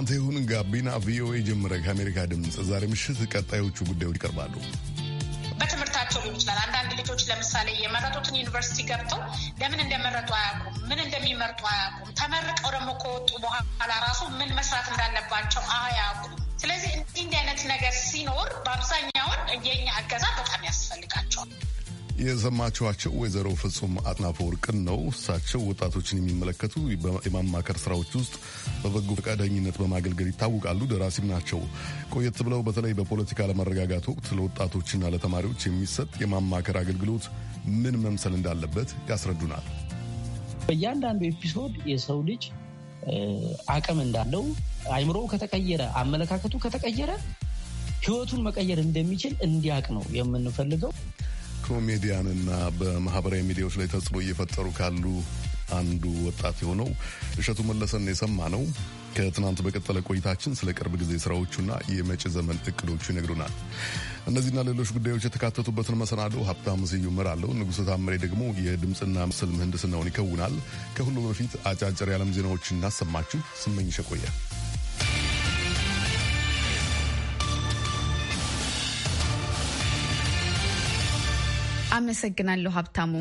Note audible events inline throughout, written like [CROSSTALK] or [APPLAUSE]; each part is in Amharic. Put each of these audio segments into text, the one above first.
እናንተ ይሁን ጋቢና ቪኦኤ ጀምረ ከአሜሪካ ድምፅ ዛሬ ምሽት ቀጣዮቹ ጉዳዮች ይቀርባሉ። በትምህርታቸው ሊሆን ይችላል። አንዳንድ ልጆች ለምሳሌ የመረጡትን ዩኒቨርሲቲ ገብተው ለምን እንደመረጡ አያውቁም፣ ምን እንደሚመርጡ አያውቁም። ተመርቀው ደግሞ ከወጡ በኋላ ራሱ ምን መስራት እንዳለባቸው አያውቁም። ስለዚህ እንዲህ አይነት ነገር ሲኖር በአብዛኛውን የኛ እገዛ በጣም ያስፈልጋቸዋል። የሰማችኋቸው ወይዘሮ ፍጹም አጥናፈ ወርቅን ነው። እሳቸው ወጣቶችን የሚመለከቱ የማማከር ስራዎች ውስጥ በበጎ ፈቃደኝነት በማገልገል ይታወቃሉ። ደራሲም ናቸው። ቆየት ብለው በተለይ በፖለቲካ አለመረጋጋት ወቅት ለወጣቶችና ለተማሪዎች የሚሰጥ የማማከር አገልግሎት ምን መምሰል እንዳለበት ያስረዱናል። በእያንዳንዱ ኤፒሶድ የሰው ልጅ አቅም እንዳለው አይምሮ ከተቀየረ አመለካከቱ ከተቀየረ ህይወቱን መቀየር እንደሚችል እንዲያውቅ ነው የምንፈልገው። ኮሜዲያንና በማህበራዊ ሚዲያዎች ላይ ተጽዕኖ እየፈጠሩ ካሉ አንዱ ወጣት የሆነው እሸቱ መለሰን የሰማ ነው። ከትናንት በቀጠለ ቆይታችን ስለ ቅርብ ጊዜ ስራዎቹና የመጪ ዘመን እቅዶቹ ይነግሩናል። እነዚህና ሌሎች ጉዳዮች የተካተቱበትን መሰናዶ ሀብታም ስዩም እመራለሁ። ንጉሥ ታምሬ ደግሞ የድምፅና ምስል ምህንድስናውን ይከውናል። ከሁሉ በፊት አጫጭር የዓለም ዜናዎችን እናሰማችሁ። ስመኝ ቆየ አመሰግናለሁ ሀብታሙ።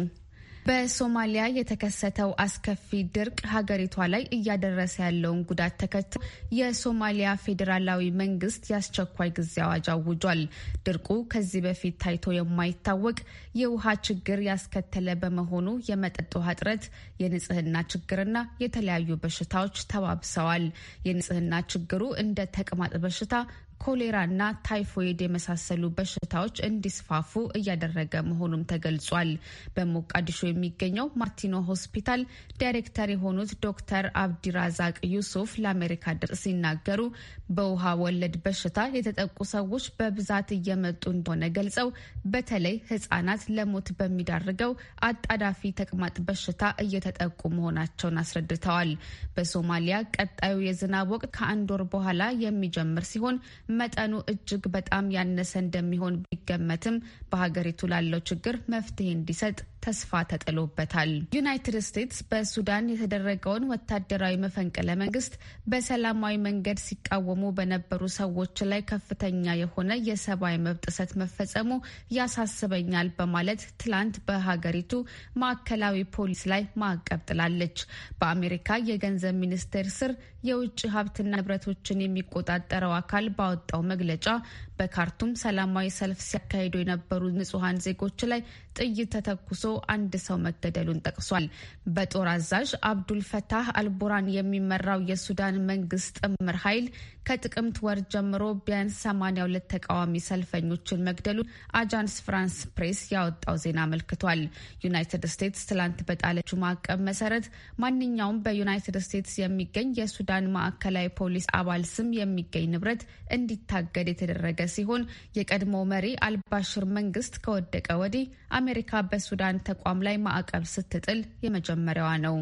በሶማሊያ የተከሰተው አስከፊ ድርቅ ሀገሪቷ ላይ እያደረሰ ያለውን ጉዳት ተከትሎ የሶማሊያ ፌዴራላዊ መንግስት የአስቸኳይ ጊዜ አዋጅ አውጇል። ድርቁ ከዚህ በፊት ታይቶ የማይታወቅ የውሃ ችግር ያስከተለ በመሆኑ የመጠጥ ውሃ እጥረት፣ የንጽህና ችግርና የተለያዩ በሽታዎች ተባብሰዋል። የንጽህና ችግሩ እንደ ተቅማጥ በሽታ ኮሌራና ታይፎይድ የመሳሰሉ በሽታዎች እንዲስፋፉ እያደረገ መሆኑም ተገልጿል። በሞቃዲሾ የሚገኘው ማርቲኖ ሆስፒታል ዳይሬክተር የሆኑት ዶክተር አብዲራዛቅ ዩሱፍ ለአሜሪካ ድምጽ ሲናገሩ በውሃ ወለድ በሽታ የተጠቁ ሰዎች በብዛት እየመጡ እንደሆነ ገልጸው በተለይ ህጻናት ለሞት በሚዳርገው አጣዳፊ ተቅማጥ በሽታ እየተጠቁ መሆናቸውን አስረድተዋል። በሶማሊያ ቀጣዩ የዝናብ ወቅት ከአንድ ወር በኋላ የሚጀምር ሲሆን መጠኑ እጅግ በጣም ያነሰ እንደሚሆን ቢገመትም በሀገሪቱ ላለው ችግር መፍትሄ እንዲሰጥ ተስፋ ተጥሎበታል። ዩናይትድ ስቴትስ በሱዳን የተደረገውን ወታደራዊ መፈንቅለ መንግስት በሰላማዊ መንገድ ሲቃወሙ በነበሩ ሰዎች ላይ ከፍተኛ የሆነ የሰብአዊ መብት ጥሰት መፈጸሙ ያሳስበኛል በማለት ትላንት በሀገሪቱ ማዕከላዊ ፖሊስ ላይ ማዕቀብ ጥላለች። በአሜሪካ የገንዘብ ሚኒስቴር ስር የውጭ ሀብትና ንብረቶችን የሚቆጣጠረው አካል ባወጣው መግለጫ በካርቱም ሰላማዊ ሰልፍ ሲያካሂዱ የነበሩ ንጹሐን ዜጎች ላይ ጥይት ተተኩሶ አንድ ሰው መገደሉን ጠቅሷል። በጦር አዛዥ አብዱል ፈታህ አልቡራን የሚመራው የሱዳን መንግስት ጥምር ኃይል ከጥቅምት ወር ጀምሮ ቢያንስ 82 ተቃዋሚ ሰልፈኞችን መግደሉን አጃንስ ፍራንስ ፕሬስ ያወጣው ዜና አመልክቷል። ዩናይትድ ስቴትስ ትላንት በጣለችው ማዕቀብ መሰረት ማንኛውም በዩናይትድ ስቴትስ የሚገኝ የሱዳን ማዕከላዊ ፖሊስ አባል ስም የሚገኝ ንብረት እንዲታገድ የተደረገ ሲሆን የቀድሞ መሪ አልባሽር መንግስት ከወደቀ ወዲህ አሜሪካ በሱዳን ተቋም ላይ ማዕቀብ ስትጥል የመጀመሪያዋ ነው።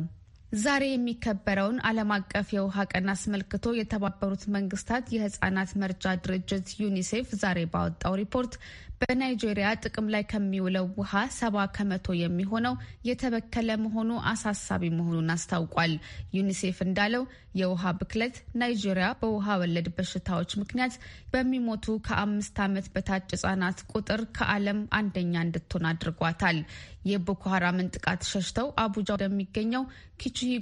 ዛሬ የሚከበረውን ዓለም አቀፍ የውሃ ቀን አስመልክቶ የተባበሩት መንግስታት የህጻናት መርጃ ድርጅት ዩኒሴፍ ዛሬ ባወጣው ሪፖርት በናይጄሪያ ጥቅም ላይ ከሚውለው ውሃ ሰባ ከመቶ የሚሆነው የተበከለ መሆኑ አሳሳቢ መሆኑን አስታውቋል። ዩኒሴፍ እንዳለው የውሃ ብክለት ናይጄሪያ በውሃ ወለድ በሽታዎች ምክንያት በሚሞቱ ከአምስት ዓመት በታች ህጻናት ቁጥር ከዓለም አንደኛ እንድትሆን አድርጓታል። የቦኮ ሀራምን ጥቃት ሸሽተው አቡጃ ወደሚገኘው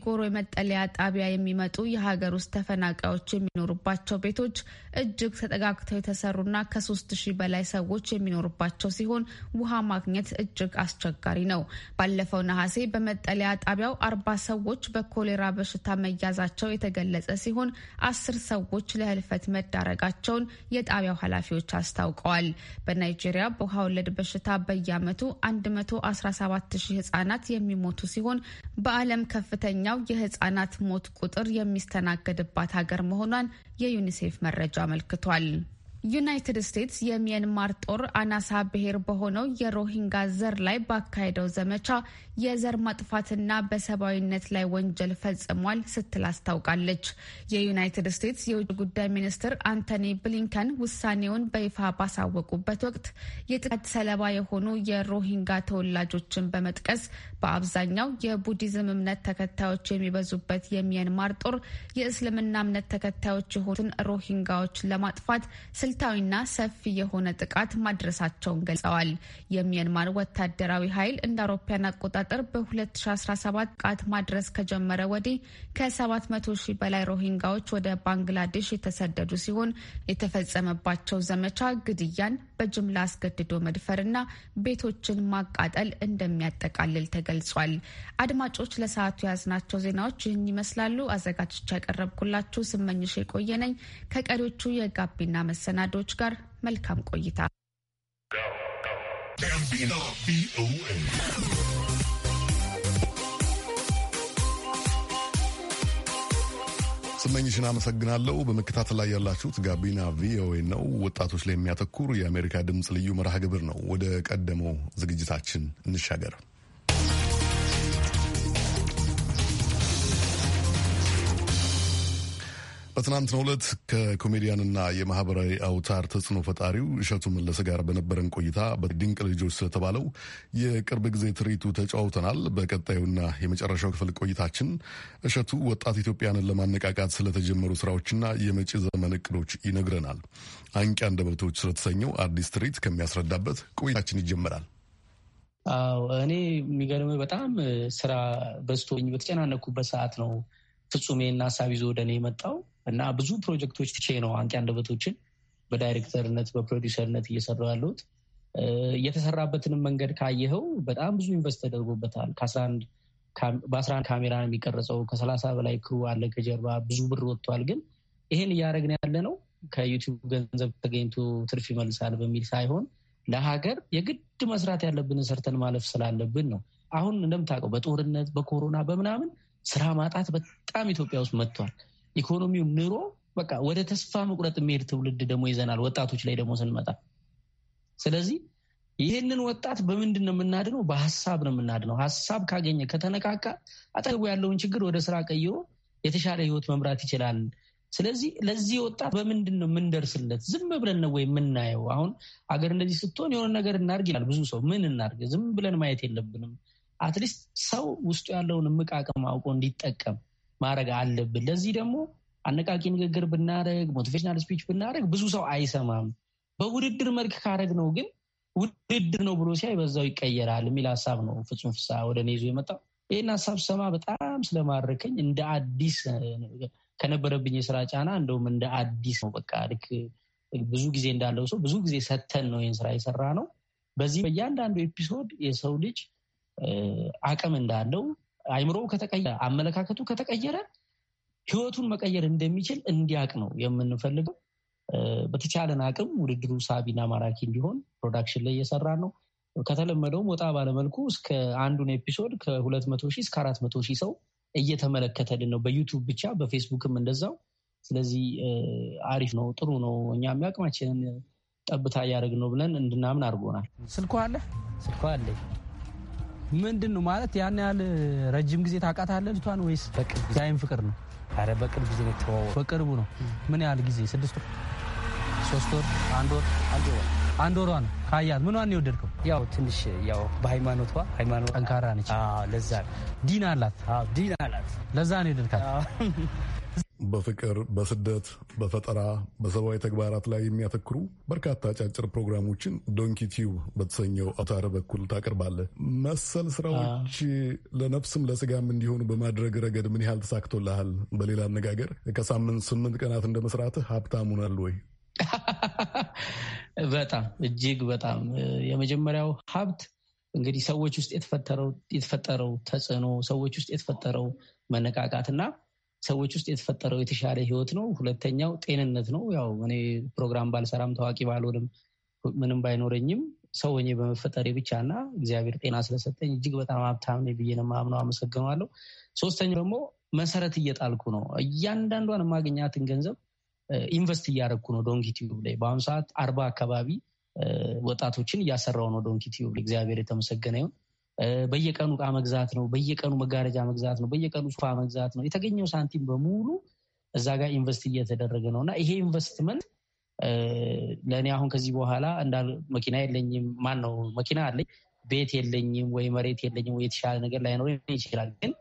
ጎሮ የመጠለያ ጣቢያ የሚመጡ የሀገር ውስጥ ተፈናቃዮች የሚኖሩባቸው ቤቶች እጅግ ተጠጋግተው የተሰሩና ከሶስት ሺህ በላይ ሰዎች የሚኖርባቸው ሲሆን ውሃ ማግኘት እጅግ አስቸጋሪ ነው። ባለፈው ነሐሴ በመጠለያ ጣቢያው አርባ ሰዎች በኮሌራ በሽታ መያዛቸው የተገለጸ ሲሆን አስር ሰዎች ለህልፈት መዳረጋቸውን የጣቢያው ኃላፊዎች አስታውቀዋል። በናይጄሪያ በውሃ ወለድ በሽታ በየዓመቱ 117 ሺህ ህጻናት የሚሞቱ ሲሆን በዓለም ከፍተኛው የህጻናት ሞት ቁጥር የሚስተናገድባት ሀገር መሆኗን የዩኒሴፍ መረጃ አመልክቷል። ዩናይትድ ስቴትስ የሚያንማር ጦር አናሳ ብሔር በሆነው የሮሂንጋ ዘር ላይ ባካሄደው ዘመቻ የዘር ማጥፋትና በሰብአዊነት ላይ ወንጀል ፈጽሟል ስትል አስታውቃለች። የዩናይትድ ስቴትስ የውጭ ጉዳይ ሚኒስትር አንቶኒ ብሊንከን ውሳኔውን በይፋ ባሳወቁበት ወቅት የጥቃት ሰለባ የሆኑ የሮሂንጋ ተወላጆችን በመጥቀስ በአብዛኛው የቡዲዝም እምነት ተከታዮች የሚበዙበት የሚያንማር ጦር የእስልምና እምነት ተከታዮች የሆኑትን ሮሂንጋዎች ለማጥፋት ስልታዊና ሰፊ የሆነ ጥቃት ማድረሳቸውን ገልጸዋል። የሚያንማር ወታደራዊ ኃይል እንደ አውሮፓያን አቆጣጠር በ2017 ጥቃት ማድረስ ከጀመረ ወዲህ ከ700 ሺህ በላይ ሮሂንጋዎች ወደ ባንግላዴሽ የተሰደዱ ሲሆን የተፈጸመባቸው ዘመቻ ግድያን፣ በጅምላ አስገድዶ መድፈርና ቤቶችን ማቃጠል እንደሚያጠቃልል ተገልጿል። ገልጿል። አድማጮች ለሰዓቱ የያዝናቸው ዜናዎች ይህን ይመስላሉ። አዘጋጅቻ ያቀረብኩላችሁ ስመኝሽ የቆየነኝ ከቀሪዎቹ የጋቢና መሰናዶዎች ጋር መልካም ቆይታ። ስመኝሽን አመሰግናለሁ። በመከታተል ላይ ያላችሁት ጋቢና ቪኦኤ ነው። ወጣቶች ላይ የሚያተኩር የአሜሪካ ድምፅ ልዩ መርሃ ግብር ነው። ወደ ቀደመው ዝግጅታችን እንሻገር። በትናንትናው ዕለት ከኮሜዲያንና የማህበራዊ አውታር ተጽዕኖ ፈጣሪው እሸቱ መለሰ ጋር በነበረን ቆይታ በድንቅ ልጆች ስለተባለው የቅርብ ጊዜ ትርኢቱ ተጫውተናል። በቀጣዩና የመጨረሻው ክፍል ቆይታችን እሸቱ ወጣት ኢትዮጵያንን ለማነቃቃት ስለተጀመሩ ስራዎችና የመጪ ዘመን እቅዶች ይነግረናል። አንቂ አንደበቶች ስለተሰኘው አዲስ ትርኢት ከሚያስረዳበት ቆይታችን ይጀምራል። አዎ እኔ የሚገርምህ በጣም ስራ በዝቶኝ በተጨናነኩበት ሰዓት ነው ፍጹሜና ሀሳብ ይዞ ወደ እኔ የመጣው እና ብዙ ፕሮጀክቶች ትቼ ነው አንቂ አንደበቶችን በዳይሬክተርነት በፕሮዲሰርነት እየሰራሁ ያለሁት። የተሰራበትንም መንገድ ካየኸው በጣም ብዙ ኢንቨስት ተደርጎበታል። በአስራ አንድ ካሜራ ነው የሚቀረጸው። ከሰላሳ በላይ ክሩ አለ ከጀርባ ብዙ ብር ወጥቷል። ግን ይሄን እያደረግን ያለ ነው ከዩቲዩብ ገንዘብ ተገኝቶ ትርፍ ይመልሳል በሚል ሳይሆን ለሀገር የግድ መስራት ያለብንን ሰርተን ማለፍ ስላለብን ነው። አሁን እንደምታውቀው በጦርነት በኮሮና በምናምን ስራ ማጣት በጣም ኢትዮጵያ ውስጥ መጥቷል። ኢኮኖሚውም ኑሮ በቃ ወደ ተስፋ መቁረጥ የሚሄድ ትውልድ ደግሞ ይዘናል። ወጣቶች ላይ ደግሞ ስንመጣ ስለዚህ ይህንን ወጣት በምንድን ነው የምናድነው? በሀሳብ ነው የምናድነው። ሀሳብ ካገኘ ከተነቃቃ፣ አጠገቡ ያለውን ችግር ወደ ስራ ቀይሮ የተሻለ ህይወት መምራት ይችላል። ስለዚህ ለዚህ ወጣት በምንድን ነው የምንደርስለት? ዝም ብለን ነው ወይ የምናየው? አሁን አገር እንደዚህ ስትሆን የሆነ ነገር እናርግ ይላል ብዙ ሰው። ምን እናርግ? ዝም ብለን ማየት የለብንም። አትሊስት ሰው ውስጡ ያለውን እምቅ አቅም አውቆ እንዲጠቀም ማድረግ አለብን። ለዚህ ደግሞ አነቃቂ ንግግር ብናደረግ፣ ሞቲቬሽናል ስፒች ብናደረግ ብዙ ሰው አይሰማም። በውድድር መልክ ካደረግ ነው ግን ውድድር ነው ብሎ ሲያይ በዛው ይቀየራል የሚል ሀሳብ ነው ፍጹም ፍሳ ወደ እኔ ይዞ የመጣው። ይህን ሀሳብ ሰማ በጣም ስለማድረከኝ እንደ አዲስ ከነበረብኝ የስራ ጫና እንደውም እንደ አዲስ ነው በቃ ልክ ብዙ ጊዜ እንዳለው ሰው ብዙ ጊዜ ሰተን ነው ይህን ስራ የሰራ ነው። በዚህ በእያንዳንዱ ኤፒሶድ የሰው ልጅ አቅም እንዳለው አይምሮ ከተቀየረ አመለካከቱ ከተቀየረ ህይወቱን መቀየር እንደሚችል እንዲያቅ ነው የምንፈልገው። በተቻለን አቅም ውድድሩ ሳቢና ማራኪ እንዲሆን ፕሮዳክሽን ላይ እየሰራ ነው። ከተለመደውም ወጣ ባለመልኩ እስከ አንዱን ኤፒሶድ ከሁለት መቶ ሺህ እስከ አራት መቶ ሺህ ሰው እየተመለከተልን ነው፣ በዩቱብ ብቻ በፌስቡክም እንደዛው። ስለዚህ አሪፍ ነው፣ ጥሩ ነው። እኛም ያቅማችንን ጠብታ እያደረግን ነው ብለን እንድናምን አድርጎናል። ስልኳ አለ ስልኳ አለ ምንድን ነው ማለት ያን ያህል ረጅም ጊዜ ታውቃታለህ ልጅቷን ወይስ ዛይም ፍቅር ነው? አረ በቅርብ ጊዜ ነው፣ በቅርቡ ነው። ምን ያህል ጊዜ? ስድስት ወር፣ ሶስት ወር፣ አንድ ወር፣ አንድ ወር አንድ ወሯ ነው ካያት። ምኗን የወደድከው? ያው ትንሽ ያው በሃይማኖቷ ሃይማኖት ጠንካራ ነች። ለዛ ዲን አላት ዲን አላት። ለዛ ነው የወደድካት በፍቅር፣ በስደት፣ በፈጠራ፣ በሰብአዊ ተግባራት ላይ የሚያተክሩ በርካታ አጫጭር ፕሮግራሞችን ዶንኪ ቲዩብ በተሰኘው አውታር በኩል ታቀርባለህ። መሰል ስራዎች ለነፍስም ለስጋም እንዲሆኑ በማድረግ ረገድ ምን ያህል ተሳክቶልሃል? በሌላ አነጋገር ከሳምንት ስምንት ቀናት እንደ መስራትህ ሀብታም ሆናል ወይ? [LAUGHS] በጣም እጅግ በጣም የመጀመሪያው ሀብት እንግዲህ ሰዎች ውስጥ የተፈጠረው ተጽዕኖ፣ ሰዎች ውስጥ የተፈጠረው መነቃቃት እና ሰዎች ውስጥ የተፈጠረው የተሻለ ህይወት ነው። ሁለተኛው ጤንነት ነው። ያው እኔ ፕሮግራም ባልሰራም ታዋቂ ባልሆንም ምንም ባይኖረኝም ሰው ሆኜ በመፈጠሬ ብቻ እና እግዚአብሔር ጤና ስለሰጠኝ እጅግ በጣም ሀብታም ነኝ ብዬ ነው የማምነው። አመሰግነዋለሁ። ሶስተኛው ደግሞ መሰረት እየጣልኩ ነው። እያንዳንዷን የማገኛትን ገንዘብ ኢንቨስት እያደረግኩ ነው ዶንኪቲዩብ ላይ በአሁኑ ሰዓት አርባ አካባቢ ወጣቶችን እያሰራው ነው ዶንኪቲዩብ። እግዚአብሔር የተመሰገነ ይሁን። በየቀኑ እቃ መግዛት ነው፣ በየቀኑ መጋረጃ መግዛት ነው፣ በየቀኑ ሶፋ መግዛት ነው። የተገኘው ሳንቲም በሙሉ እዛ ጋር ኢንቨስት እየተደረገ ነው እና ይሄ ኢንቨስትመንት ለእኔ አሁን ከዚህ በኋላ እንዳ መኪና የለኝም ማን ነው መኪና አለኝ ቤት የለኝም ወይ መሬት የለኝም ወይ የተሻለ ነገር ላይኖር ይችላል ግን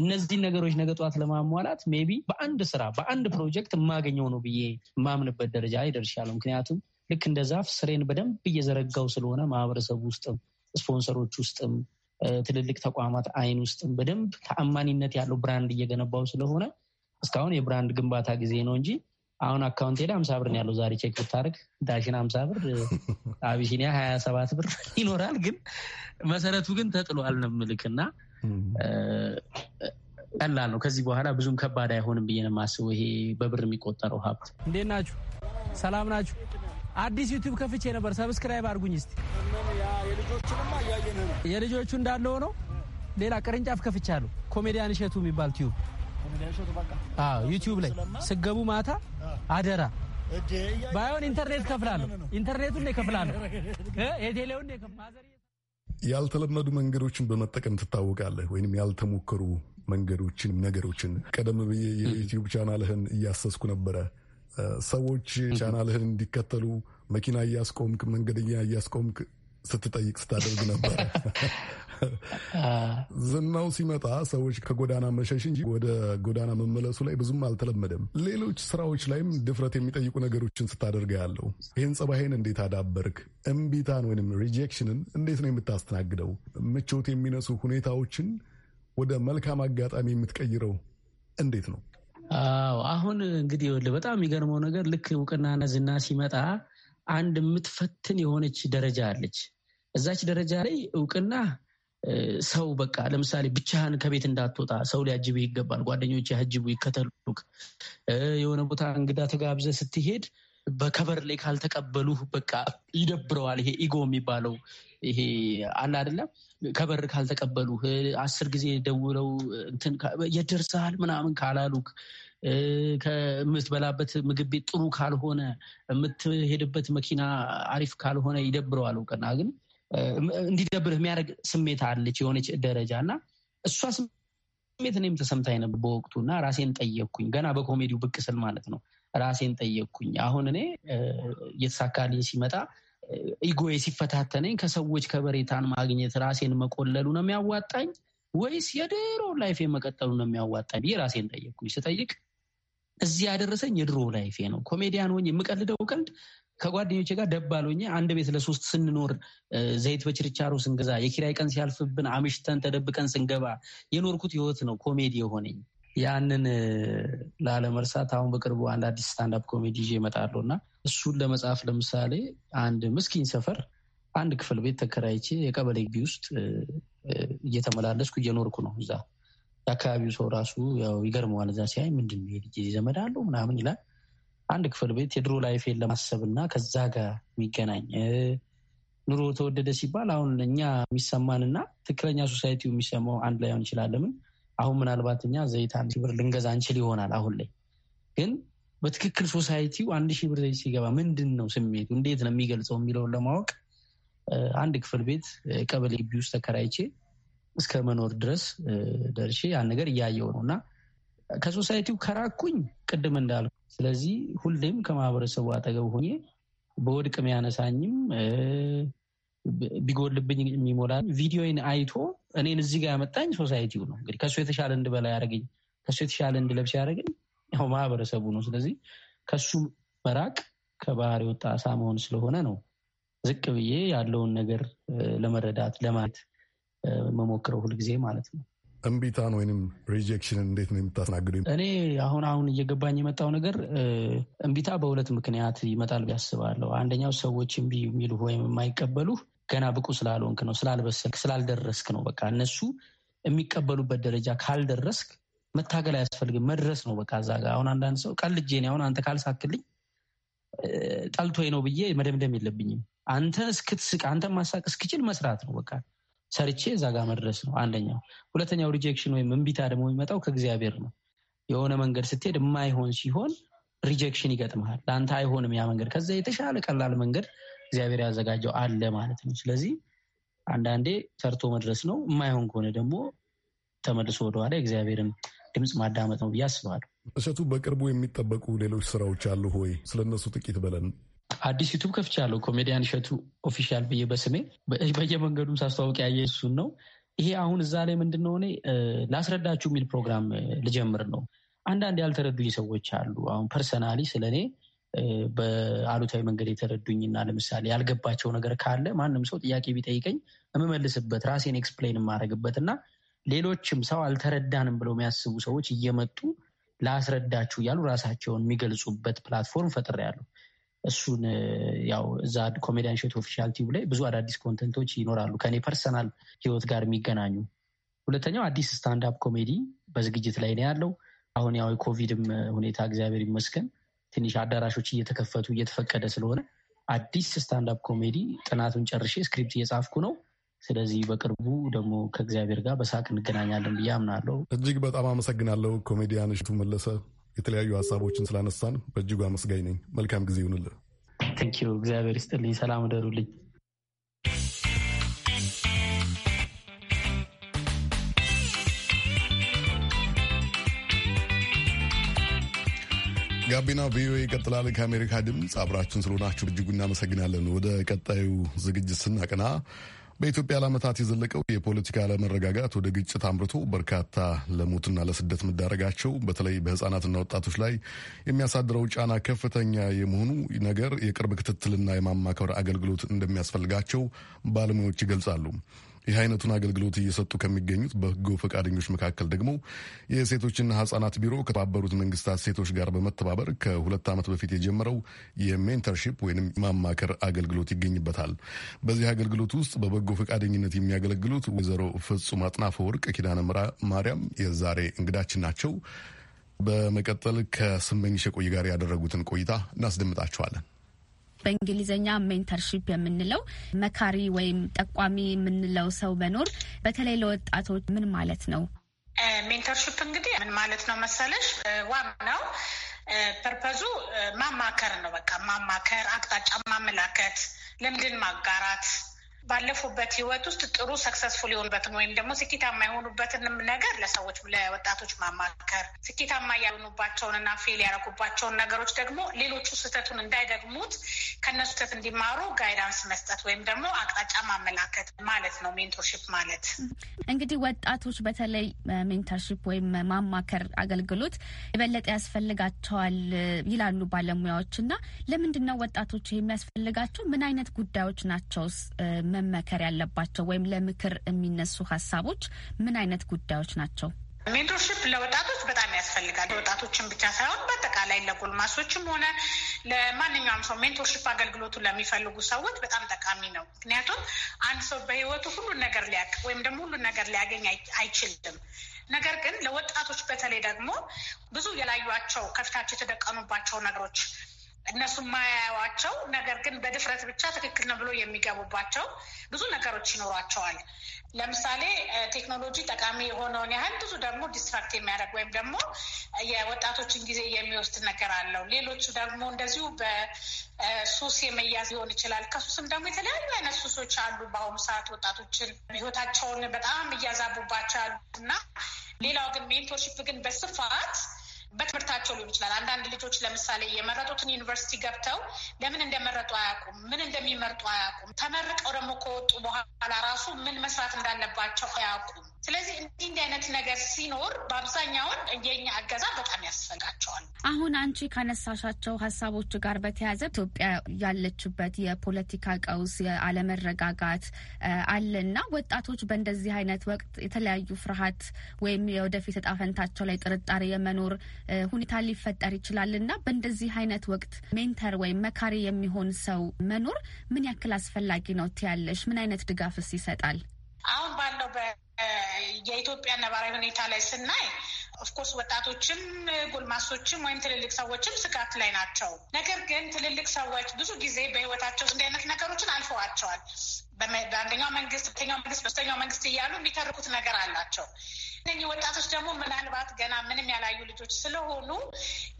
እነዚህን ነገሮች ነገ ጠዋት ለማሟላት ሜቢ ቢ በአንድ ስራ በአንድ ፕሮጀክት የማገኘው ነው ብዬ የማምንበት ደረጃ ላይ ደርሻለሁ። ምክንያቱም ልክ እንደ ዛፍ ስሬን በደንብ እየዘረጋው ስለሆነ ማህበረሰቡ ውስጥ ስፖንሰሮች ውስጥም ትልልቅ ተቋማት አይን ውስጥም በደንብ ተአማኒነት ያለው ብራንድ እየገነባው ስለሆነ እስካሁን የብራንድ ግንባታ ጊዜ ነው እንጂ አሁን አካውንት ሄደ አምሳ ብር ነው ያለው። ዛሬ ቼክ ብታደርግ ዳሽን አምሳ ብር፣ [LAUGHS] አቢሲኒያ ሀያ ሰባት ብር [LAUGHS] ይኖራል። ግን መሰረቱ ግን ተጥሏል ነው ምልክ እና ቀላል ነው። ከዚህ በኋላ ብዙም ከባድ አይሆንም ብዬ ነው የማስበው። ይሄ በብር የሚቆጠረው ሀብት። እንዴት ናችሁ? ሰላም ናችሁ? አዲስ ዩቲዩብ ከፍቼ ነበር። ሰብስክራይብ አድርጉኝ እስቲ ልጆችንም እያየን ነው። የልጆቹ እንዳለ ሆኖ ሌላ ቅርንጫፍ ከፍቻለሁ። ኮሜዲያን እሸቱ የሚባል ቲዩብ ዩቲዩብ ላይ ስገቡ ማታ አደራ ባይሆን ኢንተርኔት ከፍላለሁ። ኢንተርኔቱን ከፍላለሁ። የቴሌውን ያልተለመዱ መንገዶችን በመጠቀም ትታወቃለህ ወይም ያልተሞከሩ መንገዶችን ነገሮችን። ቀደም ብዬ የዩቲዩብ ቻናልህን እያሰስኩ ነበረ። ሰዎች ቻናልህን እንዲከተሉ መኪና እያስቆምክ መንገደኛ እያስቆምክ ስትጠይቅ ስታደርግ ነበር። [LAUGHS] ዝናው ሲመጣ ሰዎች ከጎዳና መሸሽ እንጂ ወደ ጎዳና መመለሱ ላይ ብዙም አልተለመደም። ሌሎች ስራዎች ላይም ድፍረት የሚጠይቁ ነገሮችን ስታደርገ ያለው ይህን ጸባይን እንዴት አዳበርክ? እምቢታን ወይም ሪጀክሽንን እንዴት ነው የምታስተናግደው? ምቾት የሚነሱ ሁኔታዎችን ወደ መልካም አጋጣሚ የምትቀይረው እንዴት ነው? አዎ አሁን እንግዲህ በጣም የሚገርመው ነገር ልክ እውቅናና ዝና ሲመጣ አንድ የምትፈትን የሆነች ደረጃ አለች። እዛች ደረጃ ላይ እውቅና ሰው በቃ ለምሳሌ ብቻህን ከቤት እንዳትወጣ ሰው ሊያጅቡ ይገባል። ጓደኞች ያጅቡ ይከተሉክ። የሆነ ቦታ እንግዳ ተጋብዘ ስትሄድ በከበር ላይ ካልተቀበሉ በቃ ይደብረዋል። ይሄ ኢጎ የሚባለው ይሄ አለ አይደለም። ከበር ካልተቀበሉ አስር ጊዜ ደውለው እንትን የደርሰሃል ምናምን ካላሉክ ከምትበላበት ምግብ ቤት ጥሩ ካልሆነ፣ የምትሄድበት መኪና አሪፍ ካልሆነ ይደብረዋል። እውቅና ግን እንዲደብርህ የሚያደርግ ስሜት አለች የሆነች ደረጃ እና እሷ ስሜት እኔም ተሰምታኝ ነበር በወቅቱ እና ራሴን ጠየቅኩኝ። ገና በኮሜዲው ብቅ ስል ማለት ነው። ራሴን ጠየቅኩኝ። አሁን እኔ እየተሳካልኝ ሲመጣ ኢጎዬ ሲፈታተነኝ ከሰዎች ከበሬታን ማግኘት ራሴን መቆለሉ ነው የሚያዋጣኝ ወይስ የድሮ ላይፍ መቀጠሉ ነው የሚያዋጣኝ ብዬ ራሴን ጠየቅኩኝ። ስጠይቅ እዚህ ያደረሰኝ የድሮ ላይፌ ነው። ኮሜዲያን ሆኜ የምቀልደው ቀልድ ከጓደኞቼ ጋር ደባል ሆኜ አንድ ቤት ለሶስት ስንኖር ዘይት በችርቻሮ ስንገዛ፣ የኪራይ ቀን ሲያልፍብን አምሽተን ተደብቀን ስንገባ የኖርኩት ህይወት ነው ኮሜዲ የሆነኝ። ያንን ላለመርሳት አሁን በቅርቡ አንድ አዲስ ስታንዳፕ ኮሜዲ ይዤ እመጣለሁ እና እሱን ለመጻፍ ለምሳሌ አንድ ምስኪን ሰፈር አንድ ክፍል ቤት ተከራይቼ የቀበሌ ግቢ ውስጥ እየተመላለስኩ እየኖርኩ ነው እዛ የአካባቢው ሰው ራሱ ያው ይገርመዋል። እዛ ሲያይ ምንድን ነው የልጅ ዘመድ አለው ምናምን ይላል። አንድ ክፍል ቤት የድሮ ላይፌን ለማሰብ እና ከዛ ጋር የሚገናኝ ኑሮ ተወደደ ሲባል አሁን እኛ የሚሰማን እና ትክክለኛ ሶሳይቲው የሚሰማው አንድ ላይ ሆን ይችላል። ለምን አሁን ምናልባት እኛ ዘይት አንድ ሺህ ብር ልንገዛ እንችል ይሆናል። አሁን ላይ ግን በትክክል ሶሳይቲው አንድ ሺህ ብር ዘይት ሲገባ ምንድን ነው ስሜቱ፣ እንዴት ነው የሚገልጸው የሚለውን ለማወቅ አንድ ክፍል ቤት ቀበሌ ግቢ ውስጥ ተከራይቼ እስከ መኖር ድረስ ደርሼ ያን ነገር እያየው ነው እና ከሶሳይቲው ከራኩኝ ቅድም እንዳል ስለዚህ ሁሌም ከማህበረሰቡ አጠገብ ሆኜ በወድቅ የሚያነሳኝም ቢጎልብኝ የሚሞላ ቪዲዮን አይቶ እኔን እዚህ ጋር ያመጣኝ ሶሳይቲው ነው። እንግዲህ ከሱ የተሻለ እንድበላ ያደረገኝ፣ ከሱ የተሻለ እንድለብስ ያደረገኝ ያው ማህበረሰቡ ነው። ስለዚህ ከሱ መራቅ ከባህር የወጣ አሳ መሆን ስለሆነ ነው ዝቅ ብዬ ያለውን ነገር ለመረዳት ለማየት መሞክረው ሁልጊዜ ማለት ነው። እምቢታን ወይም ሪጀክሽን እንዴት ነው የምታስተናግዱ? እኔ አሁን አሁን እየገባኝ የመጣው ነገር እምቢታ በሁለት ምክንያት ይመጣል ቢያስባለሁ። አንደኛው ሰዎች እምቢ የሚሉ ወይም የማይቀበሉ ገና ብቁ ስላልሆንክ ነው፣ ስላልበሰልክ፣ ስላልደረስክ ነው። በቃ እነሱ የሚቀበሉበት ደረጃ ካልደረስክ መታገል አያስፈልግም፣ መድረስ ነው በቃ እዛ ጋ። አሁን አንዳንድ ሰው ቀልጄ እኔ አሁን አንተ ካልሳክልኝ ጠልቶ ነው ብዬ መደምደም የለብኝም። አንተ እስክትስቅ አንተ ማሳቅ እስክችል መስራት ነው በቃ ሰርቼ እዛ ጋር መድረስ ነው አንደኛው። ሁለተኛው ሪጀክሽን ወይም እምቢታ ደግሞ የሚመጣው ከእግዚአብሔር ነው። የሆነ መንገድ ስትሄድ የማይሆን ሲሆን ሪጀክሽን ይገጥመሃል። ለአንተ አይሆንም ያ መንገድ። ከዛ የተሻለ ቀላል መንገድ እግዚአብሔር ያዘጋጀው አለ ማለት ነው። ስለዚህ አንዳንዴ ሰርቶ መድረስ ነው። የማይሆን ከሆነ ደግሞ ተመልሶ ወደኋላ እግዚአብሔርን ድምፅ ማዳመጥ ነው ብዬ አስባለሁ። እሸቱ፣ በቅርቡ የሚጠበቁ ሌሎች ስራዎች አሉ ሆይ? ስለነሱ ጥቂት በለን። አዲስ ዩቱብ ከፍቻለሁ። ኮሜዲያን እሸቱ ኦፊሻል ብዬ በስሜ በየመንገዱም ሳስተዋወቅ ያየ እሱን ነው። ይሄ አሁን እዛ ላይ ምንድን ነው እኔ ላስረዳችሁ የሚል ፕሮግራም ልጀምር ነው። አንዳንድ ያልተረዱኝ ሰዎች አሉ። አሁን ፐርሰናሊ ስለ እኔ በአሉታዊ መንገድ የተረዱኝና ለምሳሌ ያልገባቸው ነገር ካለ ማንም ሰው ጥያቄ ቢጠይቀኝ የምመልስበት ራሴን ኤክስፕሌን የማደርግበት እና ሌሎችም ሰው አልተረዳንም ብለው የሚያስቡ ሰዎች እየመጡ ላስረዳችሁ እያሉ ራሳቸውን የሚገልጹበት ፕላትፎርም ፈጥሬያለሁ። እሱን ያው እዛ ኮሜዲያን ሾት ኦፊሻል ቲዩብ ላይ ብዙ አዳዲስ ኮንተንቶች ይኖራሉ ከኔ ፐርሰናል ህይወት ጋር የሚገናኙ። ሁለተኛው አዲስ ስታንዳፕ ኮሜዲ በዝግጅት ላይ ነው ያለው። አሁን ያው የኮቪድም ሁኔታ እግዚአብሔር ይመስገን ትንሽ አዳራሾች እየተከፈቱ እየተፈቀደ ስለሆነ አዲስ ስታንዳፕ ኮሜዲ ጥናቱን ጨርሼ ስክሪፕት እየጻፍኩ ነው። ስለዚህ በቅርቡ ደግሞ ከእግዚአብሔር ጋር በሳቅ እንገናኛለን ብዬ አምናለሁ። እጅግ በጣም አመሰግናለሁ ኮሜዲያን እሸቱ መለሰ። የተለያዩ ሀሳቦችን ስላነሳን በእጅጉ አመስጋኝ ነኝ። መልካም ጊዜ ይሁንልህ። ቴንኪዩ። እግዚአብሔር ይስጥልኝ። ሰላም እደሩልኝ። ጋቢና ቪኦኤ ይቀጥላል። ከአሜሪካ ድምፅ አብራችን ስለሆናችሁ እጅጉ እናመሰግናለን። ወደ ቀጣዩ ዝግጅት ስናቀና በኢትዮጵያ ለዓመታት የዘለቀው የፖለቲካ አለመረጋጋት ወደ ግጭት አምርቶ በርካታ ለሞትና ለስደት መዳረጋቸው በተለይ በህጻናትና ወጣቶች ላይ የሚያሳድረው ጫና ከፍተኛ የመሆኑ ነገር የቅርብ ክትትልና የማማከር አገልግሎት እንደሚያስፈልጋቸው ባለሙያዎች ይገልጻሉ። ይህ አይነቱን አገልግሎት እየሰጡ ከሚገኙት በጎ ፈቃደኞች መካከል ደግሞ የሴቶችና ህጻናት ቢሮ ከተባበሩት መንግስታት ሴቶች ጋር በመተባበር ከሁለት ዓመት በፊት የጀመረው የሜንተርሺፕ ወይም ማማከር አገልግሎት ይገኝበታል። በዚህ አገልግሎት ውስጥ በበጎ ፈቃደኝነት የሚያገለግሉት ወይዘሮ ፍጹም አጥናፈ ወርቅ ኪዳነ ማርያም የዛሬ እንግዳችን ናቸው። በመቀጠል ከስመኝሽ የቆየ ጋር ያደረጉትን ቆይታ እናስደምጣቸዋለን። በእንግሊዝኛ ሜንተርሺፕ የምንለው መካሪ ወይም ጠቋሚ የምንለው ሰው በኖር በተለይ ለወጣቶች ምን ማለት ነው? ሜንተርሺፕ እንግዲህ ምን ማለት ነው መሰለሽ፣ ዋናው ፐርፐዙ ማማከር ነው። በቃ ማማከር፣ አቅጣጫ ማመላከት፣ ልምድን ማጋራት ባለፉበት ህይወት ውስጥ ጥሩ ሰክሰስፉል የሆኑበትን ወይም ደግሞ ስኬታማ የሆኑበትንም ነገር ለሰዎች ለወጣቶች ማማከር ስኬታማ ያልሆኑባቸውንና ፌል ያደረጉባቸውን ነገሮች ደግሞ ሌሎቹ ስህተቱን እንዳይደግሙት ከእነሱ ስህተት እንዲማሩ ጋይዳንስ መስጠት ወይም ደግሞ አቅጣጫ ማመላከት ማለት ነው ሜንቶርሽፕ ማለት። እንግዲህ ወጣቶች በተለይ ሜንተርሽፕ ወይም ማማከር አገልግሎት የበለጠ ያስፈልጋቸዋል ይላሉ ባለሙያዎች እና ለምንድነው ወጣቶች የሚያስፈልጋቸው? ምን አይነት ጉዳዮች ናቸውስ መመከር ያለባቸው ወይም ለምክር የሚነሱ ሀሳቦች ምን አይነት ጉዳዮች ናቸው? ሜንቶርሽፕ ለወጣቶች በጣም ያስፈልጋል። ለወጣቶችን ብቻ ሳይሆን በአጠቃላይ ለጎልማሶችም ሆነ ለማንኛውም ሰው ሜንቶርሽፕ አገልግሎቱ ለሚፈልጉ ሰዎች በጣም ጠቃሚ ነው። ምክንያቱም አንድ ሰው በህይወቱ ሁሉን ነገር ሊያቅ ወይም ደግሞ ሁሉን ነገር ሊያገኝ አይችልም። ነገር ግን ለወጣቶች በተለይ ደግሞ ብዙ የላዩቸው ከፊታቸው የተደቀኑባቸው ነገሮች እነሱ የማያያዋቸው ነገር ግን በድፍረት ብቻ ትክክል ነው ብሎ የሚገቡባቸው ብዙ ነገሮች ይኖሯቸዋል። ለምሳሌ ቴክኖሎጂ ጠቃሚ የሆነውን ያህል ብዙ ደግሞ ዲስትራክት የሚያደርግ ወይም ደግሞ የወጣቶችን ጊዜ የሚወስድ ነገር አለው። ሌሎቹ ደግሞ እንደዚሁ በሱስ የመያዝ ሊሆን ይችላል። ከሱስም ደግሞ የተለያዩ አይነት ሱሶች አሉ። በአሁኑ ሰዓት ወጣቶችን ህይወታቸውን በጣም እያዛቡባቸው ያሉት እና ሌላው ግን ሜንቶርሺፕ ግን በስፋት በትምህርታቸው ሊሆን ይችላል። አንዳንድ ልጆች ለምሳሌ የመረጡትን ዩኒቨርሲቲ ገብተው ለምን እንደመረጡ አያውቁም፣ ምን እንደሚመርጡ አያውቁም። ተመርቀው ደግሞ ከወጡ በኋላ ራሱ ምን መስራት እንዳለባቸው አያውቁም። ስለዚህ እንዲህ እንዲህ አይነት ነገር ሲኖር በአብዛኛውን የኛ እገዛ በጣም ያስፈልጋቸዋል። አሁን አንቺ ከነሳሻቸው ሀሳቦች ጋር በተያያዘ ኢትዮጵያ ያለችበት የፖለቲካ ቀውስ፣ የአለመረጋጋት አለ ወጣቶች በእንደዚህ አይነት ወቅት የተለያዩ ፍርሃት ወይም የወደፊት እጣ ፈንታቸው ላይ ጥርጣሬ የመኖር ሁኔታ ሊፈጠር ይችላል በእንደዚህ አይነት ወቅት ሜንተር ወይም መካሪ የሚሆን ሰው መኖር ምን ያክል አስፈላጊ ነው ትያለሽ? ምን አይነት ድጋፍስ ይሰጣል? አሁን ባለው የኢትዮጵያ ነባራዊ ሁኔታ ላይ ስናይ ኦፍኮርስ ወጣቶችም ጎልማሶችም ወይም ትልልቅ ሰዎችም ስጋት ላይ ናቸው። ነገር ግን ትልልቅ ሰዎች ብዙ ጊዜ በህይወታቸው እንዲህ አይነት ነገሮችን አልፈዋቸዋል። በአንደኛው መንግስት፣ ሁለተኛው መንግስት፣ በሶስተኛው መንግስት እያሉ የሚተርኩት ነገር አላቸው። እነኚህ ወጣቶች ደግሞ ምናልባት ገና ምንም ያላዩ ልጆች ስለሆኑ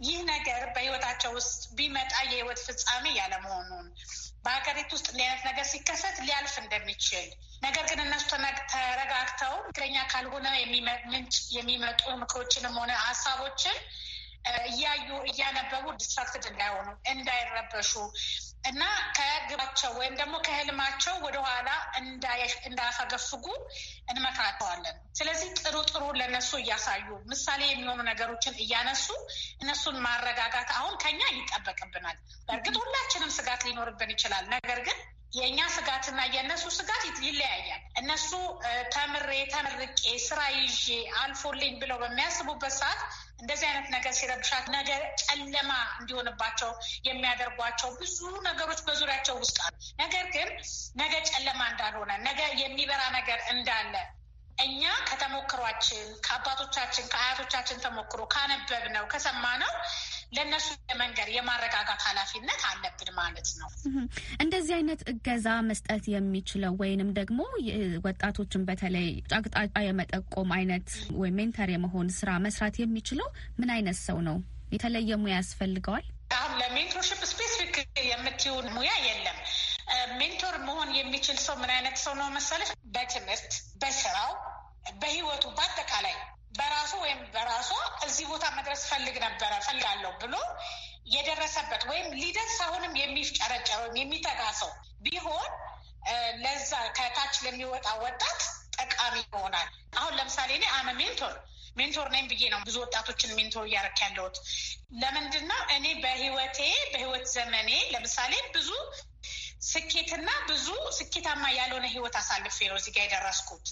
ይህ ነገር በህይወታቸው ውስጥ ቢመጣ የህይወት ፍጻሜ ያለመሆኑን በሀገሪቱ ውስጥ እንዲህ አይነት ነገር ሲከሰት ሊያልፍ እንደሚችል ነገር ግን እነሱ ተረጋግተው ምክረኛ ካልሆነ ምንጭ የሚመጡ ምክሮችንም ሆነ ሀሳቦችን እያዩ እያነበቡ ዲስትራክትድ እንዳይሆኑ፣ እንዳይረበሹ እና ከግባቸው ወይም ደግሞ ከህልማቸው ወደኋላ እንዳያፈገፍጉ እንመክራቸዋለን። ስለዚህ ጥሩ ጥሩ ለነሱ እያሳዩ ምሳሌ የሚሆኑ ነገሮችን እያነሱ እነሱን ማረጋጋት አሁን ከኛ ይጠበቅብናል። በእርግጥ ሁላችንም ስጋት ሊኖርብን ይችላል። ነገር ግን የእኛ ስጋትና የእነሱ ስጋት ይለያያል። እነሱ ተምሬ ተመርቄ ስራ ይዤ አልፎልኝ ብለው በሚያስቡበት ሰዓት እንደዚህ አይነት ነገር ሲረብሻት ነገር ጨለማ እንዲሆንባቸው የሚያደርጓቸው ብዙ ነገሮች በዙሪያቸው ውስጥ አሉ። ነገር ግን ነገ ጨለማ እንዳልሆነ ነገ የሚበራ ነገር እንዳለ እኛ ከተሞክሯችን ከአባቶቻችን ከአያቶቻችን ተሞክሮ ካነበብነው ከሰማነው ለእነሱ የመንገድ የማረጋጋት ኃላፊነት አለብን ማለት ነው። እንደዚህ አይነት እገዛ መስጠት የሚችለው ወይንም ደግሞ ወጣቶችን በተለይ አቅጣጫ የመጠቆም አይነት ወይም ሜንተር የመሆን ስራ መስራት የሚችለው ምን አይነት ሰው ነው? የተለየ ሙያ ያስፈልገዋል? አሁን ለሜንቶርሽፕ ስፔሲፊክ የምትሆን ሙያ የለም። ሜንቶር መሆን የሚችል ሰው ምን አይነት ሰው ነው መሰለሽ? በትምህርት በስራው በህይወቱ በአጠቃላይ በራሱ ወይም በራሷ እዚህ ቦታ መድረስ ፈልግ ነበረ ፈልጋለሁ ብሎ የደረሰበት ወይም ሊደርስ አሁንም የሚፍጨረጨር ወይም የሚተጋ ሰው ቢሆን ለዛ ከታች ለሚወጣ ወጣት ጠቃሚ ይሆናል። አሁን ለምሳሌ እኔ አመ ሜንቶር ሜንቶር ነኝ ብዬ ነው ብዙ ወጣቶችን ሜንቶር እያደረክ ያለሁት። ለምንድን ነው እኔ በህይወቴ በህይወት ዘመኔ ለምሳሌ ብዙ ስኬትና ብዙ ስኬታማ ያልሆነ ህይወት አሳልፌ ነው እዚጋ የደረስኩት።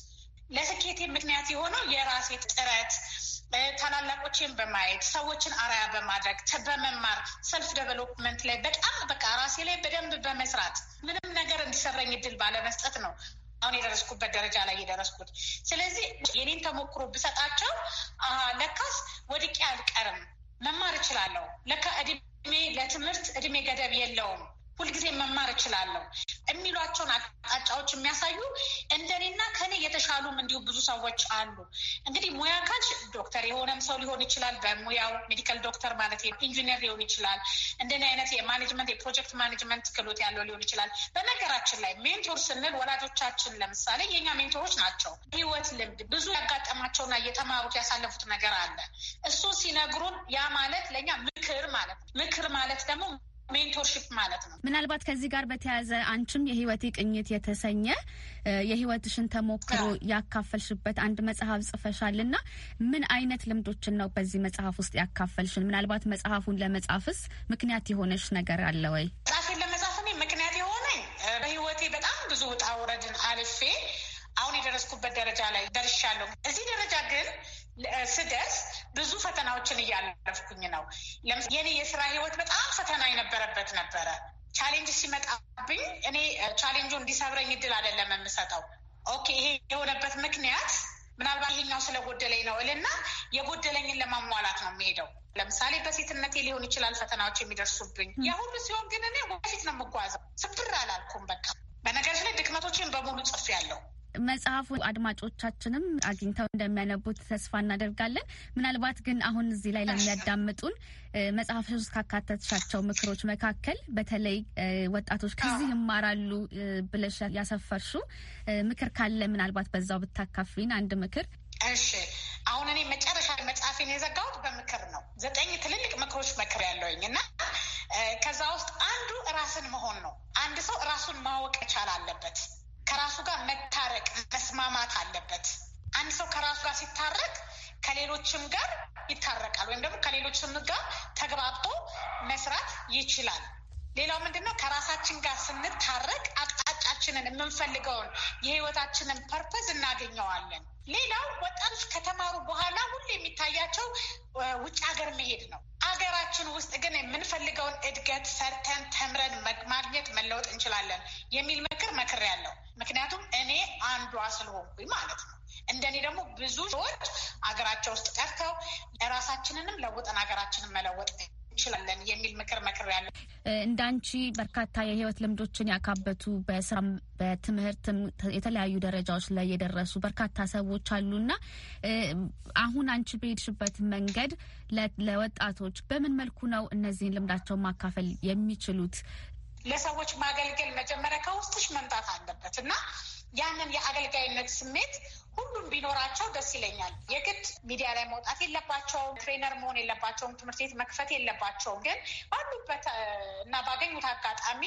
ለስኬቴ ምክንያት የሆነው የራሴ ጥረት ታላላቆችን በማየት ሰዎችን አርያ በማድረግ በመማር ሰልፍ ደቨሎፕመንት ላይ በጣም በቃ ራሴ ላይ በደንብ በመስራት ምንም ነገር እንዲሰረኝ እድል ባለመስጠት ነው አሁን የደረስኩበት ደረጃ ላይ የደረስኩት። ስለዚህ የኔን ተሞክሮ ብሰጣቸው ለካስ ወድቄ አልቀርም፣ መማር እችላለሁ፣ ለካ እድሜ ለትምህርት እድሜ ገደብ የለውም ሁልጊዜ መማር እችላለሁ የሚሏቸውን አቅጣጫዎች የሚያሳዩ እንደኔና ከኔ የተሻሉም እንዲሁ ብዙ ሰዎች አሉ። እንግዲህ ሙያ ካልሽ ዶክተር የሆነም ሰው ሊሆን ይችላል። በሙያው ሜዲካል ዶክተር ማለት ኢንጂነር ሊሆን ይችላል። እንደኔ አይነት የማኔጅመንት የፕሮጀክት ማኔጅመንት ክሎት ያለው ሊሆን ይችላል። በነገራችን ላይ ሜንቶር ስንል ወላጆቻችን ለምሳሌ የኛ ሜንቶሮች ናቸው። ህይወት ልምድ ብዙ ያጋጠማቸውና እየተማሩት ያሳለፉት ነገር አለ። እሱን ሲነግሩን ያ ማለት ለእኛ ምክር ማለት ምክር ማለት ደግሞ ሜንቶርሽፕ ማለት ነው። ምናልባት ከዚህ ጋር በተያያዘ አንቺም የህይወቴ ቅኝት የተሰኘ የህይወትሽን ተሞክሮ ያካፈልሽበት አንድ መጽሐፍ ጽፈሻል እና ምን አይነት ልምዶችን ነው በዚህ መጽሐፍ ውስጥ ያካፈልሽን? ምናልባት መጽሐፉን ለመጻፍስ ምክንያት የሆነሽ ነገር አለ ወይ? መጽሐፌን ለመጻፍ እኔ ምክንያት የሆነ በህይወቴ በጣም ብዙ ውጣ ውረድን አልፌ አሁን የደረስኩበት ደረጃ ላይ ደርሻለሁ። እዚህ ደረጃ ግን ስደት ብዙ ፈተናዎችን እያለፍኩኝ ነው። የኔ የስራ ህይወት በጣም ፈተና የነበረበት ነበረ። ቻሌንጅ ሲመጣብኝ እኔ ቻሌንጁ እንዲሰብረኝ እድል አይደለም የምሰጠው። ኦኬ ይሄ የሆነበት ምክንያት ምናልባት ይሄኛው ስለጎደለኝ ነው እልና የጎደለኝን ለማሟላት ነው የሚሄደው። ለምሳሌ በሴትነቴ ሊሆን ይችላል ፈተናዎች የሚደርሱብኝ። የሁሉ ሲሆን ግን እኔ ወደፊት ነው የምጓዘው። ስብር አላልኩም። በቃ በነገር ላይ ድክመቶችን በሙሉ ጽፌያለሁ። መጽሐፉ አድማጮቻችንም አግኝተው እንደሚያነቡት ተስፋ እናደርጋለን። ምናልባት ግን አሁን እዚህ ላይ ለሚያዳምጡን መጽሐፍ ውስጥ ካካተትሻቸው ምክሮች መካከል በተለይ ወጣቶች ከዚህ ይማራሉ ብለሽ ያሰፈርሹ ምክር ካለ ምናልባት በዛው ብታካፊን አንድ ምክር። እሺ፣ አሁን እኔ መጨረሻ መጽሐፌን የዘጋሁት በምክር ነው። ዘጠኝ ትልልቅ ምክሮች መክር ያለውኝ እና ከዛ ውስጥ አንዱ ራስን መሆን ነው። አንድ ሰው ራሱን ማወቅ መቻል አለበት። ከራሱ ጋር መታረቅ መስማማት አለበት። አንድ ሰው ከራሱ ጋር ሲታረቅ ከሌሎችም ጋር ይታረቃል፣ ወይም ደግሞ ከሌሎችም ጋር ተግባብቶ መስራት ይችላል። ሌላው ምንድን ነው? ከራሳችን ጋር ስንታረቅ አቅጣጫችንን የምንፈልገውን የህይወታችንን ፐርፐዝ እናገኘዋለን። ሌላው ወጣቶች ከተማሩ በኋላ ሁሉ የሚታያቸው ውጭ ሀገር መሄድ ነው። ሀገራችን ውስጥ ግን የምንፈልገውን እድገት ሰርተን ተምረን ማግኘት መለወጥ እንችላለን የሚል መክሬያለሁ። ምክንያቱም እኔ አንዷ ስለሆንኩኝ ማለት ነው። እንደኔ ደግሞ ብዙ ሰዎች አገራቸው ውስጥ ቀርተው ራሳችንንም ለውጠን ሀገራችንን መለወጥ እንችላለን የሚል ምክር መክሬያለሁ። እንዳንቺ በርካታ የህይወት ልምዶችን ያካበቱ በስራም በትምህርትም የተለያዩ ደረጃዎች ላይ የደረሱ በርካታ ሰዎች አሉና አሁን አንቺ በሄድሽበት መንገድ ለወጣቶች በምን መልኩ ነው እነዚህን ልምዳቸውን ማካፈል የሚችሉት? ለሰዎች ማገልገል መጀመሪያ ከውስጥሽ መምጣት አለበት እና ያንን የአገልጋይነት ስሜት ሁሉም ቢኖራቸው ደስ ይለኛል። የግድ ሚዲያ ላይ መውጣት የለባቸውም፣ ትሬነር መሆን የለባቸውም፣ ትምህርት ቤት መክፈት የለባቸውም። ግን ባሉበት እና ባገኙት አጋጣሚ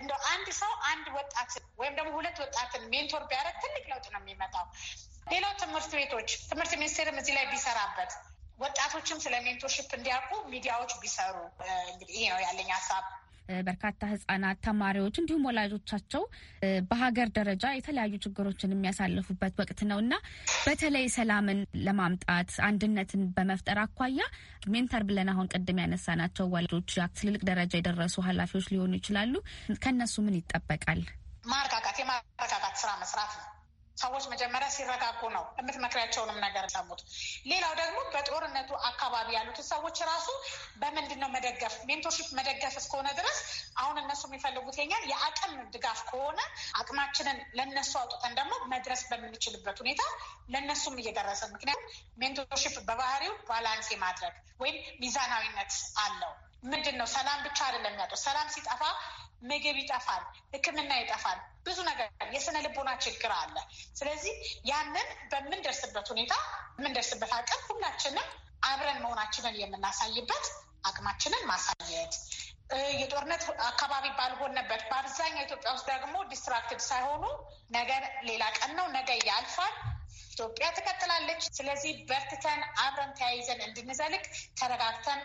እንደ አንድ ሰው አንድ ወጣት ወይም ደግሞ ሁለት ወጣትን ሜንቶር ቢያደርግ ትልቅ ለውጥ ነው የሚመጣው። ሌላው ትምህርት ቤቶች፣ ትምህርት ሚኒስቴርም እዚህ ላይ ቢሰራበት፣ ወጣቶችም ስለ ሜንቶርሽፕ እንዲያውቁ ሚዲያዎች ቢሰሩ። እንግዲህ ይሄ ነው ያለኝ ሀሳብ። በርካታ ህጻናት፣ ተማሪዎች እንዲሁም ወላጆቻቸው በሀገር ደረጃ የተለያዩ ችግሮችን የሚያሳልፉበት ወቅት ነው እና በተለይ ሰላምን ለማምጣት አንድነትን በመፍጠር አኳያ ሜንተር ብለን አሁን ቅድም ያነሳናቸው ወላጆች ትልልቅ ደረጃ የደረሱ ኃላፊዎች ሊሆኑ ይችላሉ። ከነሱ ምን ይጠበቃል? ማረጋጋት የማረጋጋት ስራ መስራት ነው። ሰዎች መጀመሪያ ሲረጋጉ ነው የምትመክሪያቸውንም ነገር ሰሙት። ሌላው ደግሞ በጦርነቱ አካባቢ ያሉትን ሰዎች ራሱ በምንድን ነው መደገፍ ሜንቶርሺፕ መደገፍ እስከሆነ ድረስ አሁን እነሱ የሚፈልጉት የኛን የአቅም ድጋፍ ከሆነ አቅማችንን ለነሱ አውጥተን ደግሞ መድረስ በምንችልበት ሁኔታ ለነሱም እየደረሰ ምክንያቱም ሜንቶርሺፕ በባህሪው ባላንስ የማድረግ ወይም ሚዛናዊነት አለው። ምንድን ነው ሰላም ብቻ አይደለም ያጡ ሰላም ሲጠፋ ምግብ ይጠፋል፣ ሕክምና ይጠፋል፣ ብዙ ነገር የስነ ልቦና ችግር አለ። ስለዚህ ያንን በምንደርስበት ሁኔታ የምንደርስበት አቅም ሁላችንም አብረን መሆናችንን የምናሳይበት አቅማችንን ማሳየት የጦርነት አካባቢ ባልሆነበት በአብዛኛው ኢትዮጵያ ውስጥ ደግሞ ዲስትራክትድ ሳይሆኑ ነገ ሌላ ቀን ነው፣ ነገ ያልፋል፣ ኢትዮጵያ ትቀጥላለች። ስለዚህ በርትተን አብረን ተያይዘን እንድንዘልቅ ተረጋግተን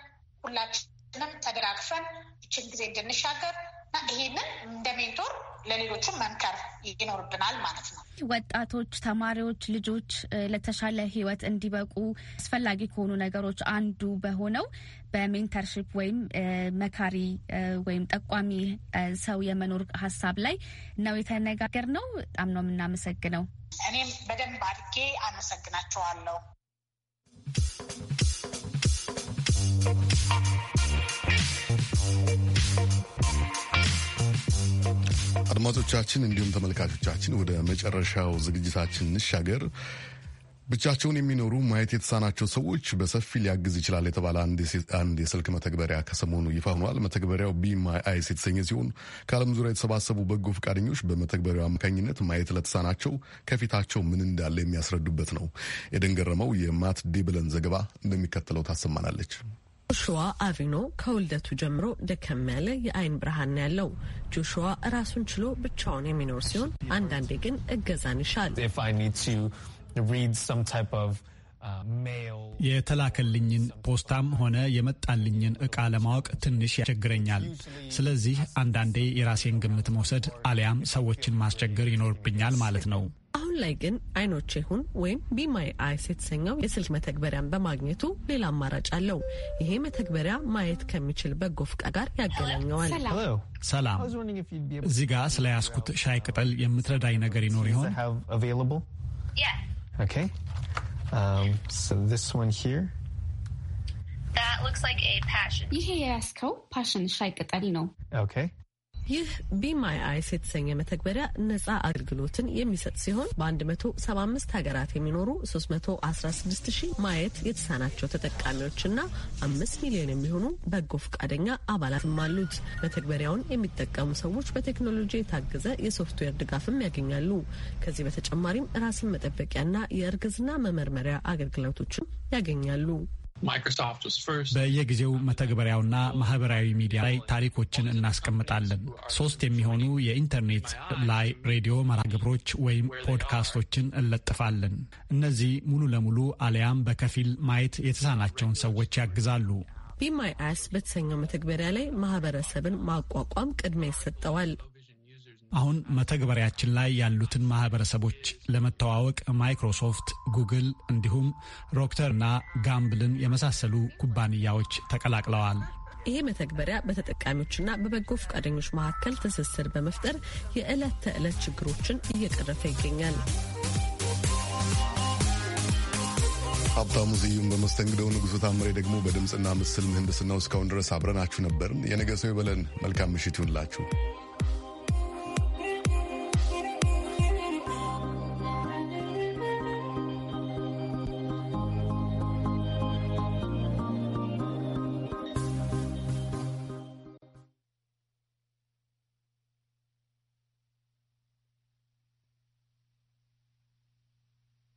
ሁላችንም ተደጋግፈን ይችን ጊዜ እንድንሻገር እና ይሄንን እንደ ሜንቶር ለሌሎችም መምከር ይኖርብናል ማለት ነው። ወጣቶች፣ ተማሪዎች፣ ልጆች ለተሻለ ህይወት እንዲበቁ አስፈላጊ ከሆኑ ነገሮች አንዱ በሆነው በሜንተርሽፕ ወይም መካሪ ወይም ጠቋሚ ሰው የመኖር ሀሳብ ላይ ነው የተነጋገር ነው። በጣም ነው የምናመሰግነው። እኔም በደንብ አድርጌ አመሰግናቸዋለሁ። Thank you. አድማጮቻችን እንዲሁም ተመልካቾቻችን ወደ መጨረሻው ዝግጅታችን እንሻገር። ብቻቸውን የሚኖሩ ማየት የተሳናቸው ሰዎች በሰፊ ሊያግዝ ይችላል የተባለ አንድ የስልክ መተግበሪያ ከሰሞኑ ይፋ ሆኗል። መተግበሪያው ቢ ማይ አይስ የተሰኘ ሲሆን ከዓለም ዙሪያ የተሰባሰቡ በጎ ፈቃደኞች በመተግበሪያው አማካኝነት ማየት ለተሳናቸው ከፊታቸው ምን እንዳለ የሚያስረዱበት ነው። የደንገረመው የማት ዲብለን ዘገባ እንደሚከተለው ታሰማናለች። ጆሹዋ አቪኖ ከውልደቱ ጀምሮ ደከም ያለ የአይን ብርሃን ያለው ጆሹዋ ራሱን ችሎ ብቻውን የሚኖር ሲሆን አንዳንዴ ግን እገዛን ይሻል። uh, የተላከልኝን ፖስታም ሆነ የመጣልኝን ዕቃ ለማወቅ ትንሽ ያስቸግረኛል። ስለዚህ አንዳንዴ የራሴን ግምት መውሰድ አሊያም ሰዎችን ማስቸገር ይኖርብኛል ማለት ነው። አሁን ላይ ግን አይኖቼ ሁን ወይም ቢማይ አይስ የተሰኘው የስልክ መተግበሪያን በማግኘቱ ሌላ አማራጭ አለው። ይሄ መተግበሪያ ማየት ከሚችል በጎ ፍቃድ ጋር ያገናኘዋል። ሰላም፣ እዚህ ጋር ስለ ያስኩት ሻይ ቅጠል የምትረዳኝ ነገር ይኖር ይሆን? Um, ይሄ የያዝከው ፓሽን ሻይ ቅጠል ነው። ይህ ቢማይ አይስ የተሰኘ መተግበሪያ ነጻ አገልግሎትን የሚሰጥ ሲሆን በ175 ሀገራት የሚኖሩ 316 ሺህ ማየት የተሳናቸው ተጠቃሚዎችና አምስት ሚሊዮን የሚሆኑ በጎ ፈቃደኛ አባላትም አሉት። መተግበሪያውን የሚጠቀሙ ሰዎች በቴክኖሎጂ የታገዘ የሶፍትዌር ድጋፍም ያገኛሉ። ከዚህ በተጨማሪም ራስን መጠበቂያና የእርግዝና መመርመሪያ አገልግሎቶችም ያገኛሉ። በየጊዜው መተግበሪያውና ማህበራዊ ሚዲያ ላይ ታሪኮችን እናስቀምጣለን። ሶስት የሚሆኑ የኢንተርኔት ላይ ሬዲዮ ግብሮች ወይም ፖድካስቶችን እንለጥፋለን። እነዚህ ሙሉ ለሙሉ አሊያም በከፊል ማየት የተሳናቸውን ሰዎች ያግዛሉ። ቢማይ አስ በተሰኘው መተግበሪያ ላይ ማህበረሰብን ማቋቋም ቅድሚያ ይሰጠዋል። አሁን መተግበሪያችን ላይ ያሉትን ማህበረሰቦች ለመተዋወቅ ማይክሮሶፍት፣ ጉግል እንዲሁም ሮክተር እና ጋምብልን የመሳሰሉ ኩባንያዎች ተቀላቅለዋል። ይሄ መተግበሪያ በተጠቃሚዎችና በበጎ ፈቃደኞች መካከል ትስስር በመፍጠር የዕለት ተዕለት ችግሮችን እየቀረፈ ይገኛል። ሀብታሙ ስዩም በመስተንግደው፣ ንጉሥ ታምሬ ደግሞ በድምፅና ምስል ምህንድስናው እስካሁን ድረስ አብረናችሁ ነበርን። የነገ ሰው ይበለን። መልካም ምሽት ይሁንላችሁ።